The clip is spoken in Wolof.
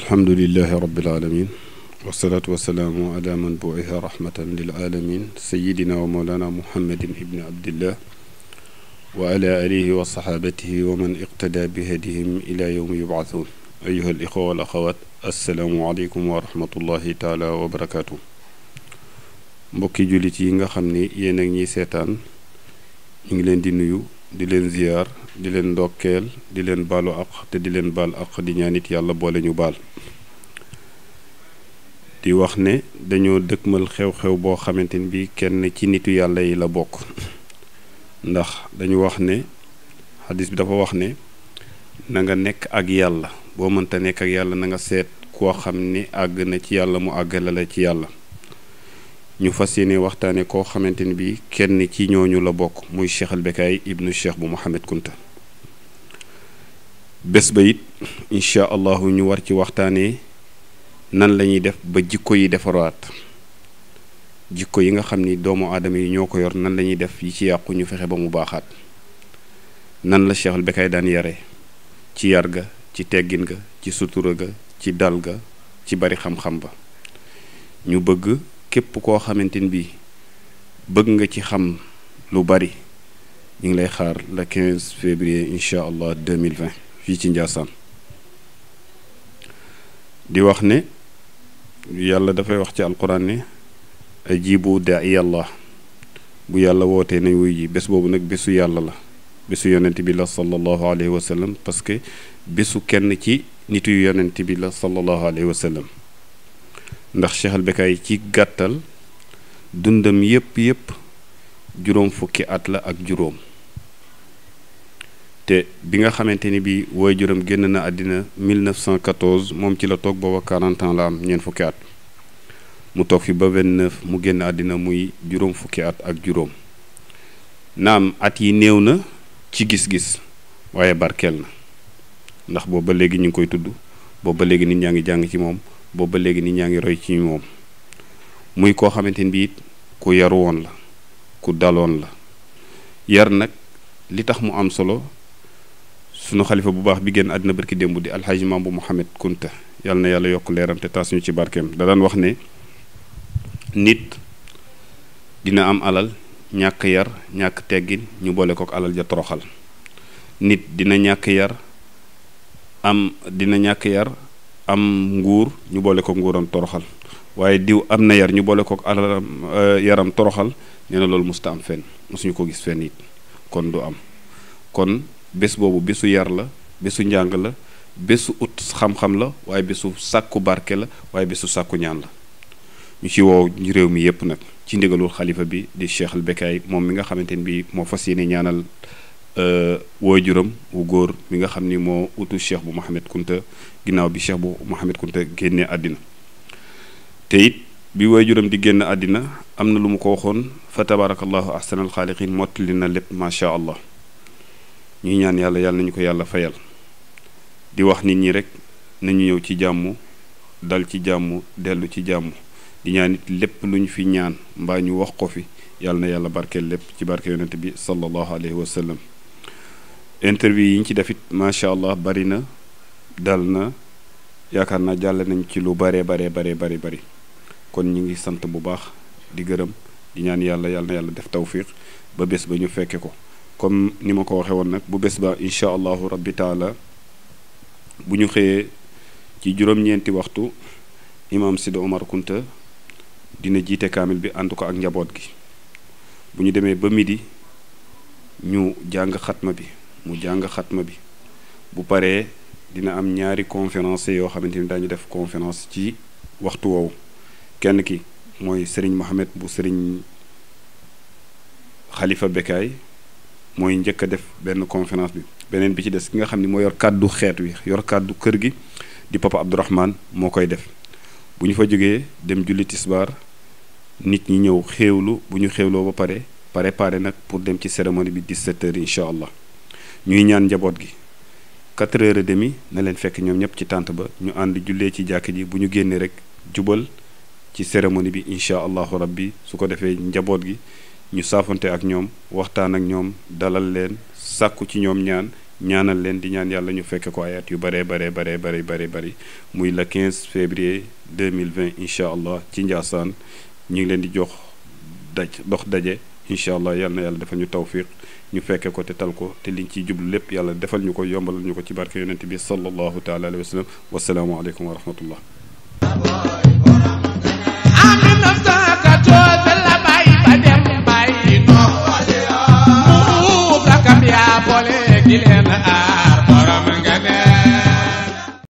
الحمد لله رب العالمين والصلاة والسلام على من بعث رحمة للعالمين سيدنا ومولانا محمد بن عبد الله وعلى آله وصحابته ومن اقتدى بهديهم إلى يوم يبعثون أيها الإخوة والأخوات السلام عليكم ورحمة الله تعالى وبركاته mbokki jullit yi nga xam ni yéen di leen ziyaar di leen ndokkeel di leen baalu àq te di leen baal àq di ñaanit yàlla boole ñu baal di wax ne dañoo dëkkmal xew-xew boo xamante ni bi kenn ci nitu yàlla yi la bokk ndax dañu wax ne xadis bi dafa wax ne na nga nekk ak yàlla boo mënta nekk ak yàlla na nga seet koo xam ni àgg na ci yàlla mu àggale la ci yàlla ñu fas yéene waxtaane koo xamante ni bi kenn ci ñooñu la bokk muy cheikh al bekaay ibnu cheikh bu Mohamed Kunta bés ba it incha allahu ñu war ci waxtaanee nan lañuy def ba jikko yi defaraat jikko yi nga xam ni doomu aadama yi ñoo ko yor nan la ñuy def yi ci yàqu ñu fexe ba mu baaxaat nan la cheikh al daan yare ci yar ga ci teggin ga ci sutura ga ci dal ga ci bari xam-xam ba ñu bëgg képp koo xamante ni bi bëgg nga ci xam lu bari ñu ngi lay xaar le 15 février incha allah 2020 fii ci Ndiassane di wax ne yàlla dafay wax ci alquran ne ajibu daa'i allah bu yàlla wootee nañ wuy ji bés boobu nag bésu yàlla la bésu yonent bi la sallallahu alayhi wa sallam parce que bésu kenn ci nitu yonent bi la sallallahu alayhi wa sallam ndax Cheikh al Becaye ci gàttal dundam yépp yépp juróom fukki at la ak juróom te bi nga xamante ni bi woy juróom génn na àddina mille 1914 moom ci la toog booba 40 la am ñeent fukki at mu toog fi ba 29 mu génn àddina muy juróom fukki at ak juróom naam at yi néew na ci gis-gis waaye barkeel na ndax booba léegi ñu ngi koy tudd booba léegi nit ñaa ngi jàng ci moom booba léegi nit ñaa ngi roy ci moom muy koo xamante ni bii ku yaru woon la ku daloon la yar nag li tax mu am solo sunu xalifa bu baax bi génn àddina barki démb di alxaaji Maam bu Mohamed Kunta yàlla na yàlla yokk leeram te taas ñu ci barkeem da daan wax ne nit dina am alal ñàkk yar ñàkk teggin ñu boole kook alal ja toroxal nit dina ñàkk yar am dina ñàkk yar am nguur ñu boole ko nguuram toroxal waaye diw am na yar ñu boole ko alalam euh, yaram toroxal nee na loolu mosuta am fenn mosuñu ko gis fenn it kon du am kon bés boobu bésu yar la bésu njàng la bésu ut xam-xam la waaye bésu sàkku barke la waaye bésu sàkku ñaan la ñu ci woow réew mi yépp nag ci ndigalul xalifa bi di Cheikh al Bekaay moom mi nga xamante ni bi moo fas yéene ñaanal Euh, waajuram wu góor mi nga xam ni moo utu cheikh bu Mohamed Kunta ginnaaw bi cheikh bu Mohamed Kunta génnee àddina te bi bi waajuram di génn àddina am na lu mu ko waxoon fa tabarakallahu ahsanal xaaliqin mottali na lépp macha allah ñuy ñaan yàlla yàlla nañu ko yàlla fayal di wax nit ñi rek nañu ñëw ci jàmm dal ci jàmm dellu ci jàmm di ñaan it lépp lu ñu fi ñaan mbaa ñu wax ko fi yàlla na yàlla barkeel lépp ci barke yonent bi sallallahu alayhi wa interview yi ñu ci defit macha allah bari na dal na yaakaar naa jàll nañ ci lu baree baree baree bari bari kon ñu ngi sant bu baax di gërëm di ñaan yàlla yàlla yàlla def tawfiq ba bés ba ñu fekke ko comme ni ma ko waxee woon nag bu bés ba incha allahu rabbi taala bu ñu xëyee ci juróom-ñeenti waxtu imaam Sidi Omar Kunta dina jiite kaamil bi ànd ko ak njaboot gi bu ñu demee ba midi ñu jàng xatma bi mu jàng xatma bi bu paree dina am ñaari conférence yoo xamante ni daañu def conférence ci waxtu woowu kenn ki mooy sëriñ Mohamed bu Serigne xalifa Bekaay mooy njëkk a def benn conference bi beneen bi ci des ki nga xam ni moo yor kàddu xeet wi yor kàddu kër gi di papa Abdourahman moo koy def bu ñu fa jógee dem julli tisbaar nit ñi ñëw xéewlu bu ñu xéewloo ba pare pare pare nag pour dem ci cérémonie bi di heures incha ñuy ñaan njaboot gi quatre heures et demi na leen fekk ñoom ñëpp ci tànt ba ñu ànd jullee ci jàkk ji bu ñu génnee rek jubal ci cérémonie bi incha allahu rabbi su ko defee njaboot gi ñu saafante ak ñoom waxtaan ak ñoom dalal leen sàkku ci ñoom ñaan ñaanal leen di ñaan yàlla ñu fekk ko ayaat yu baree bare baree baree baree bëri muy le 15 février 2020 incha allah ci Njaasaan ñu ngi leen di jox daj dox daje ان شاء الله يالنا يالا ديفال نيو توفيق ني فكه كو تيتال كو تي لي نتي جوبل ليب يالا ديفال نيو كو يومبال نيو كو صلى الله تعالى عليه وسلم والسلام عليكم ورحمه الله